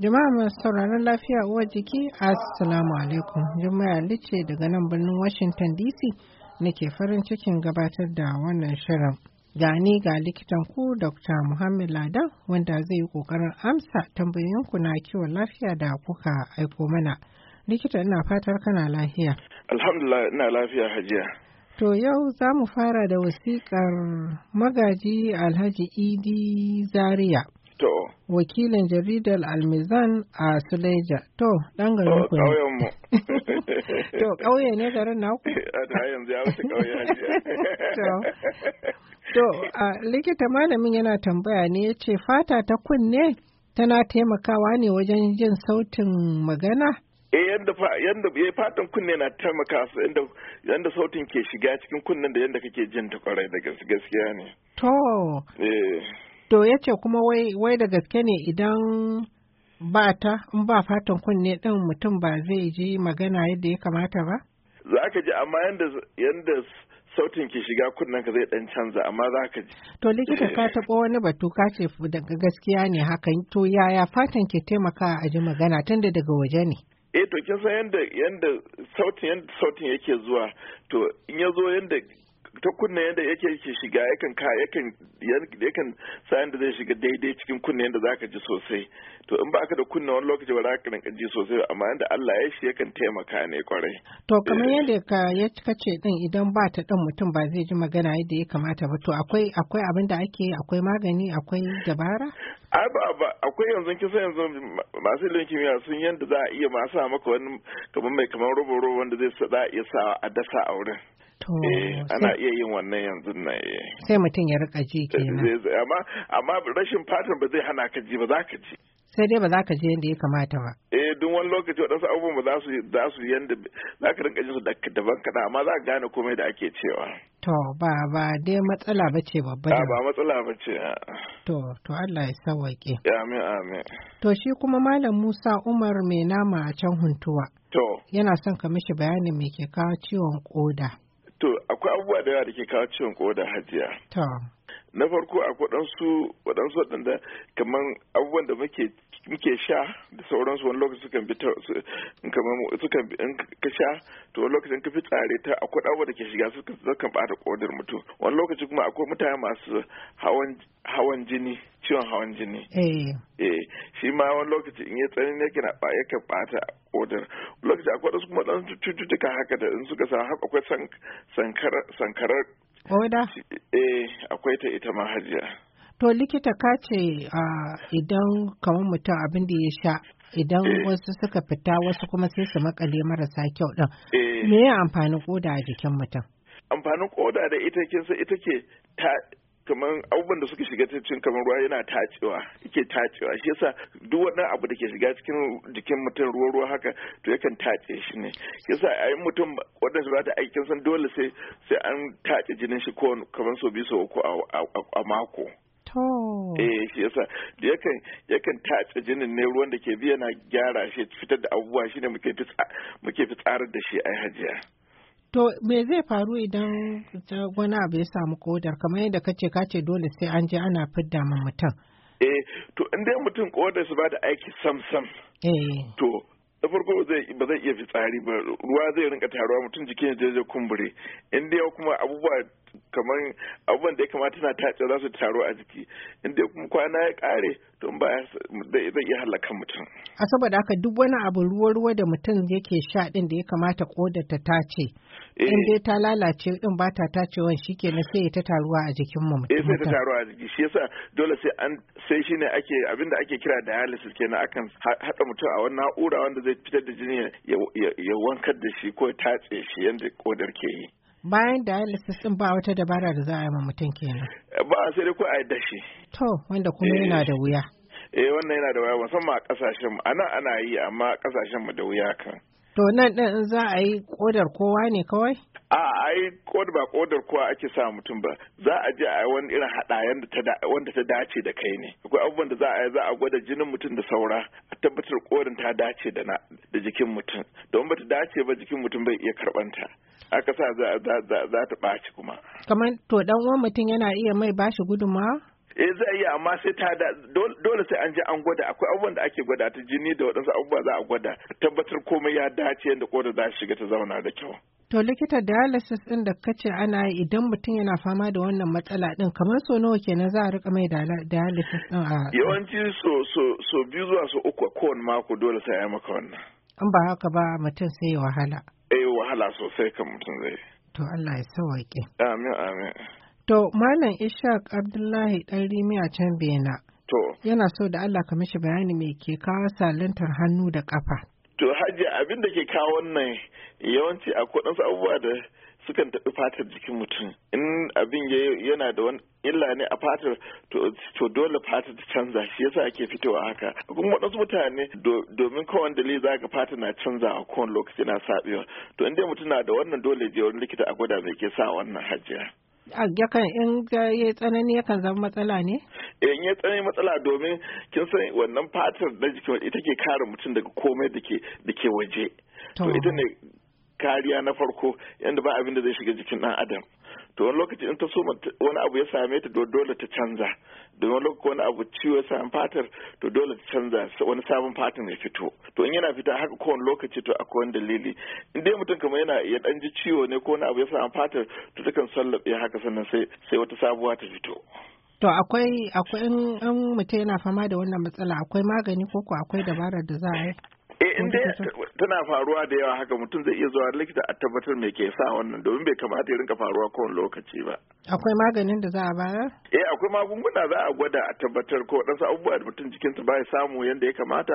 Jama'a masu sauraron lafiya uwar jiki, Assalamu alaikum. jama'a Ali ce daga nan birnin Washington DC nake farin cikin gabatar da wannan shirin. Gani ga likitan ku Dr. Muhammad lada wanda zai yi kokarin amsa tambayoyinku na kiwon lafiya da kuka aiko mana. Likita ina fatar kana lafiya. Alhamdulillah ina lafiya hajiya. To yau za mu fara da wasiƙar magaji Alhaji Idi Zaria. To. wakilin jaridar almizan a suleja to dan garin ku ne to ƙauye ne garin naku a yanzu ya ƙauye to to a likita malamin yana tambaya ne ya ce fata ta kunne tana taimakawa ne wajen jin sautin magana e yanda yanda eh, fatan kunne na taimaka su yanda yanda sautin ke shiga cikin kunnen da yanda kake jin ta kwarai da gaskiya ne to eh To ya ce kuma wai da gaske ne idan ba ta in ba fatan kunne ɗin mutum ba zai ji magana yadda ya kamata ba? Za ka ji amma yadda sautin ke shiga kunnen ka zai ɗan canza amma za ka ji. To likita ka taɓa wani batu ka ce daga gaskiya ne hakan to yaya fatan ke taimaka a ji magana tunda daga waje ne? Eh to kin san yadda sautin yadda sautin yake zuwa to in ya zo yadda ta kunne yadda yake yake shiga yakan ka yakan yakan sa yadda zai shiga daidai cikin kunne yadda zaka ji sosai to in baka da kunne wani lokaci ba za ka rinka ji sosai amma yadda Allah ya shi yakan taimaka ne kwarai to kamar eh. yadda ka ya kace din idan ba ta dan mutum ba zai ji magana yadda ya kamata ba to akwai akwai abin da ake akwai magani akwai dabara akwai yanzu kisa yanzu masu ilimin kimiyya sun yadda za a iya masu maka wani kamar mai kamar robo-robo wanda zai sa a iya sa a dasa a wurin Eh, ana iya yin wannan yanzu na eh. sai mutum ya rika ji eh, kenan amma amma rashin fatan ba zai hana ka ji ba za ka ji sai dai ba za ka ji yadda ya kamata ba. Eh duk wani lokaci waɗansu abubuwan ba za su za su yanda za ka rinka jinsu daban kaɗan amma za ka gane komai da ake cewa. To ba ba dai matsala ba ce babba. Ba ba matsala ba ce. To to Allah ya sawaƙe. Amin amin. To shi kuma Malam Musa Umar mai nama a can huntuwa. To. Yana son ka mishi bayanin me ke kawo ciwon koda. To akwai abubuwa da yawa da ke kawo ciwon koda hajiya. na farko a waɗansu waɗansu waɗanda kamar abubuwan da muke muke sha da sauransu wani lokaci sukan bi kamar sukan ka sha to wani lokacin ka fi tsare ta akwai abubuwan da ke shiga sukan zakan bata kodar mutum wani lokaci kuma akwai mutane masu hawan hawan jini ciwon hawan jini eh, eh shi ma wani lokaci in ya tsanani yake na ba yakan bata kodar lokaci akwai wasu kuma dan cututtuka haka da in suka sa akwai sankarar Oda? Eh, akwai ta ita mahajiya. To likita ka ce ah, idan kamar mutum abin da ya sha idan eh. wasu suka fita wasu kuma sai su makale marasa kyau din. Eh. Me ya amfanin koda a jikin mutum? Amfanin koda da ita kinsa ita ke sannan abubuwan da suke shiga cikin kamar ruwa yana tacewa yake tacewa shi yasa duk wani abu da ke shiga cikin jikin mutum ruwa ruwa haka to yakan tace shi ne yasa a mutum waɗanda za ta aikin san dole sai sai an tace jinin shi ko kamar so biyu so uku a mako eh shi yasa da yakan yakan tace jinin ne ruwan da ke biya na gyara shi fitar da abubuwa shine muke muke fitsarar da shi ai hajiya To me zai faru idan wani abu ya samu kodar kamar yadda ka kace kace dole sai an je ana fidda ma mutum. Eh to in dai mutum kodar su ba da aiki sam sam. Eh. To da farko ba zai iya fitsari ba ruwa zai rinka taruwa mutum jikin ya je kumbure in dai kuma abubuwa kamar abubuwan da ya kamata na tace za su taru a jiki in dai kuma kwana ya kare to ba zai iya halaka mutum a saboda haka duk wani abu ruwa ruwa da mutum yake sha din da ya kamata da ta tace eh. in dai ta lalace din ba ta ke shikenan sai ta taruwa a jikin mu mutum eh, sai ta taruwa a jiki shi yasa dole sai an sai shine ake abinda ake kira dialysis kenan akan hada mutum a wannan na'ura wanda zai zai fitar da jini ya wankar da shi ko ya tatse shi yadda kodar ke yi bayan da dialysis din ba wata dabara da za a yi ma mutum kenan eh, ba sai dai ko a yi dashi to wanda kuma eh. yana da wuya eh wannan yana da wuya musamman a kasashen mu ana ana yi amma kasashen mu da wuya kan to nan din za a yi kodar kowa ne kawai a yi kodar ba kodar kowa ake sa mutum ba za a je a yi wani irin hadayen wanda ta dace da kai ne akwai abubuwan da za a yi za a gwada jinin mutum da saura tabbatar korin ta dace da na da jikin mutum don bata dace ba jikin mutum bai iya karbanta aka sa za ta ɓaci kuma kamar to dan uwan mutum yana iya mai bashi guduma eh za a amma sai ta da dole sai an je an gwada akwai abubuwan da ake gwada ta jini da waɗansu abubuwa za a gwada tabbatar komai ya dace yadda korin za shiga ta zauna da kyau To likita dialysis ɗin da kace ana yi idan mutum yana fama da wannan matsala ɗin kamar so nawa kenan za a rika mai dialysis ɗin a yawanci so so so biyu zuwa so uku a kowane mako dole sai ya maka wannan in ba haka ba mutum sai ya wahala eh wahala sosai kan mutum zai to Allah ya sauke amin amin to malam Ishaq Abdullahi dan Rimi a can Bena to yana so da Allah ka mishi bayani me ke kawo salantar hannu da kafa To hajji abin da ke kawo wannan yawanci a kudin abubuwa da sukan taɓi fatar jikin mutum in abin yana da wani illa ne a fatar to dole fatar ta canza shi yasa ake fitowa haka kuma waɗansu mutane domin kowane dalili za ka fata na canza a kowane lokaci na saɓewa to in mutum na da wannan dole je wani likita a gwada mai ke sa wannan hajjiya. yakan in ya tsanani yakan zama matsala ne? Eh, in ya tsanani matsala domin kin san wannan fatar na jikin ita ke kare mutum daga komai da ke waje to ita ne kariya na farko yadda ba abin da zai shiga jikin ɗan adam to wani lokaci in ta so wani abu ya same ta dole ta canza da wani lokaci wani abu ciwo ya sami fatar to dole ta canza wani sabon fatar ya fito to in yana fita haka kowane lokaci to akwai wani dalili in dai mutum kamar yana ya dan ji ciwo ne ko wani abu ya sami fatar to takan sallabe haka sannan sai wata sabuwa ta fito To akwai akwai in mutum yana fama da wannan matsala akwai magani ko akwai dabarar da za a yi? Eh in tana faruwa da yawa haka mutum zai iya zuwa likita a tabbatar me ke sa wannan domin bai kamata ya rinka faruwa kowane lokaci ba. Akwai maganin da za a bayar? Eh akwai magunguna za a gwada a tabbatar ko wadansu abubuwa da mutum jikinsa ba ya samu yadda ya kamata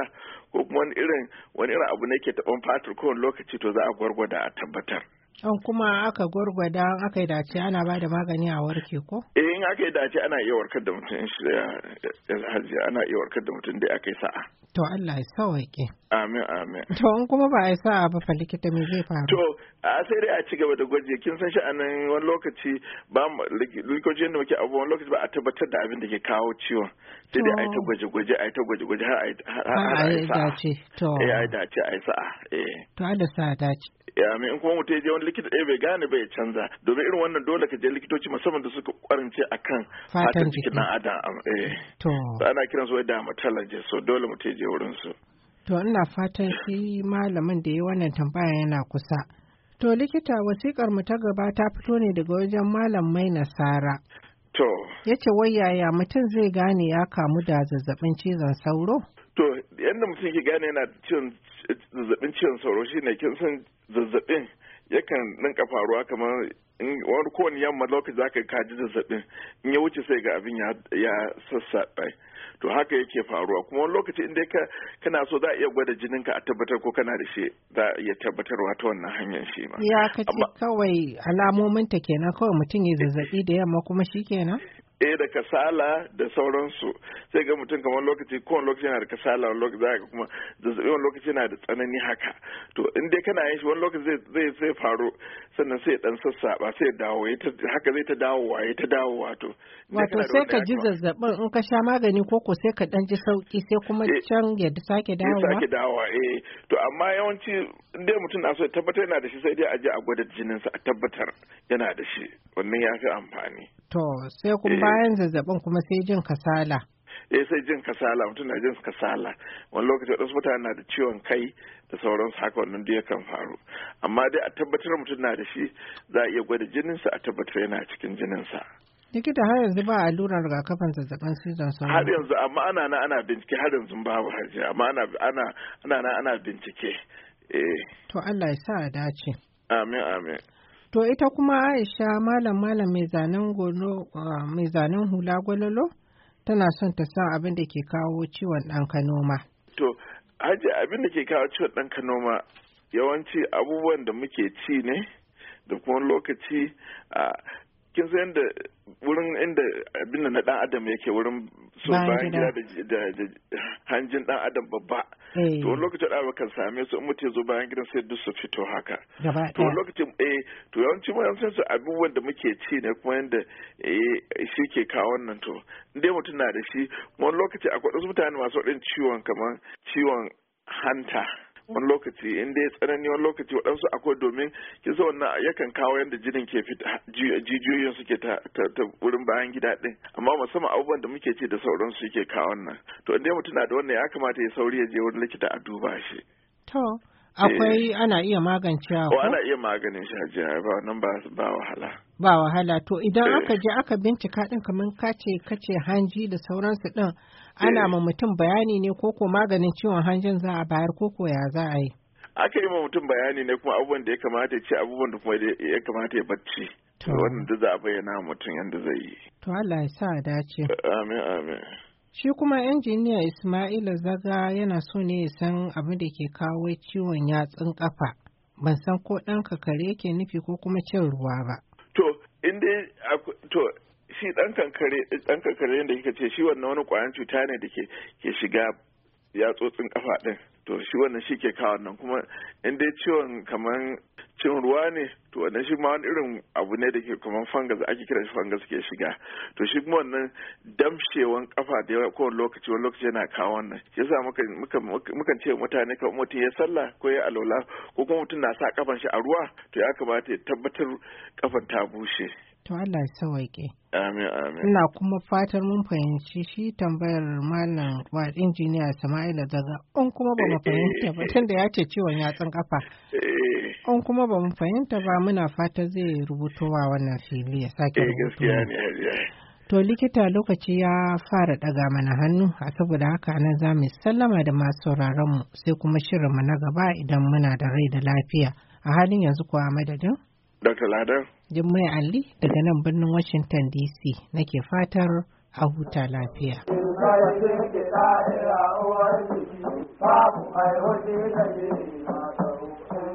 ko kuma wani irin wani irin abu ne ke taɓan fatar kowane lokaci to za a gwargwada a tabbatar. An kuma aka gwargwada an aka yi dace ana ba da magani a warke ko? Eh in aka yi dace ana iya warkar da mutum shi eh, eh, da ana iya warkar da mutum da aka yi sa'a. To Allah ya sawaike. Amin amin. To in kuma ba a sa abu fa likita me zai faru? To a sai dai a ci gaba da gwaji kin san shi anan wani lokaci ba lokaci yadda muke abu wani lokaci ba a tabbatar da abin da ke kawo ciwon sai dai a yi ta gwaje gwaje a yi ta gwaje gwaje har a yi sa'a. To eh, a yi dace a yi sa'a. Eh. To a da sa'a dace. ya eh, mai in kuma mutum ya je wani likita ɗaya bai gane bai canza domin irin wannan dole ka je likitoci musamman da suka kwarance akan fatan jikin ɗan adam eh to ana kiran su da matalaje so dole mutum ya je wurin su To ina fatan shi malamin da ya wannan tambaya yana kusa. To likita wasikar mu ta gaba ta fito ne daga wajen malam mai nasara. To. Ya ce wai yaya mutum zai gane ya kamu da zazzabin cizon sauro? To yadda mutum ke gane yana cin zazzabin cizon sauro shine kin san zazzabin yakan ninka faruwa kamar wani kowane yamma lokaci zaka ka ji zazzabin in ya wuce sai ga abin ya ɗai to haka yake faruwa kuma wani lokaci inda ka kana so za a iya gwada jinin ka a tabbatar ko kana da shi za a iya tabbatarwa ta wannan hanyar shi ma ya kace kawai alamomin ta kenan kawai mutum ya zazzabi da yamma kuma shi kenan eh da kasala da sauransu sai ga mutum kamar lokaci wani lokaci yana da kasala wani lokaci za kuma zazzabi wani lokaci yana da tsanani haka to in dai kana yin shi wani lokaci zai zai faru sannan sai dan ba sai dawo haka zai ta wa ya ta dawo wato wato sai ka ji zazzabin in ka sha magani ko ko sai ka dan ji sauki sai kuma eh, can ya sake dawo ya sake dawo eh to amma yawanci in dai mutum na so ya tabbatar yana da shi sai dai a je a gwada sa a tabbatar yana da shi wannan ya fi amfani To sai kun eh. bayan zazzabin kuma sai jin kasala. Eh sai jin kasala mutum na jin kasala wani lokaci wadansu mutane na da ciwon kai da sauransu haka wannan da yakan faru amma dai a tabbatar mutum na da shi za a iya gwada jininsa a tabbatar yana cikin jininsa. likita har yanzu ba allurar rigakafin zazzabin cizon sauro har yanzu amma ana na ana bincike har yanzu babu harje amma ana ana ana ana bincike eh to Allah ya sa a dace amin amin To ita kuma Aisha malam malam mai zanen hula gwalolo tana son ta san abin da ke kawo ciwon ɗan kanoma. To, haji abin da ke kawo ciwon ɗan kanoma yawanci abubuwan da muke ci ne da kuma lokaci a kin san yadda wurin inda abin da na dan adam yake wurin su bayan gida da hanjin dan adam babba Eh. to wani lokacin ba kan same su in mutum ya zo bayan gidan sai duk su fito haka to wani eh to yawanci mu san su abubuwan da muke ci ne kuma yanda eh, shi ke kawo wannan to dai mutum na da shi wani lokaci akwai wasu mutane masu waɗin ciwon kamar ciwon hanta wani lokaci in dai tsanani wani lokaci waɗansu akwai domin kisa wannan yakan kawo yadda jinin ke fita jijiyoyin suke ta wurin bayan gida ɗin amma musamman abubuwan da muke ce da sauransu yake kawo nan to in dai mutum na da wannan ya kamata ya sauri ya je wurin likita a duba shi. To eh. akwai ana iya magance ko? ana iya maganin shi hajiya ba nan ba ba wahala. Ba wahala to idan eh. aka je aka bincika ɗin kamar kace kace hanji da sauransu ɗin ana eh. ma mutum bayani ne ko ko maganin ciwon hanjin za a bayar ko ko ya za a yi aka yi ma mutum bayani ne kuma abubuwan da ya kamata ya ci abubuwan da kuma ya kamata ya bacci wannan da za a bayyana mutum yadda zai yi to Allah ya sa a dace amin amin Shi kuma injiniya Ismaila Zaga yana so ne ya san abin da ke kawo ciwon yatsun kafa. Ban san ko ɗan kakare ke nufi ko kuma cin ruwa ba. To, in dai to shi dan kankare dan kankare da kika ce shi wannan wani kwayan cuta ne da ke ke shiga yatsotsin kafa din to shi wannan shi ke kawo nan kuma in dai ciwon kaman cin ruwa ne to wannan shi ma wani irin abu ne da ke kuma fangas ake kira shi fangas ke shiga to shi kuma wannan damshewan kafa da yawa kowane lokaci wani lokaci yana kawo wannan shi yasa mukan ce mutane kamar mutum ya sallah ko ya alola ko kuma mutum na sa kafan shi a ruwa to ya kamata ya tabbatar kafan ta bushe to Allah ya sawaike amin amin ina kuma fatar mun fahimci shi tambayar malam wa injiniya Sama'ila daga in kuma ba mu eh, fahimta ba eh, tunda eh. ya ce ciwon yatsun kafa in kuma ba mu fahimta ba muna fata zai rubuto wannan fili ya sake eh, eh, eh. To likita lokaci ya fara ɗaga mana hannu a saboda haka nan za mu sallama da masu mu sai kuma mu na gaba idan muna da rai da lafiya. A halin yanzu kuwa madadin? Dr. Ladar. Jummai Ali daga nan birnin Washington DC nake fatar a huta lafiya. Babu mai hoji da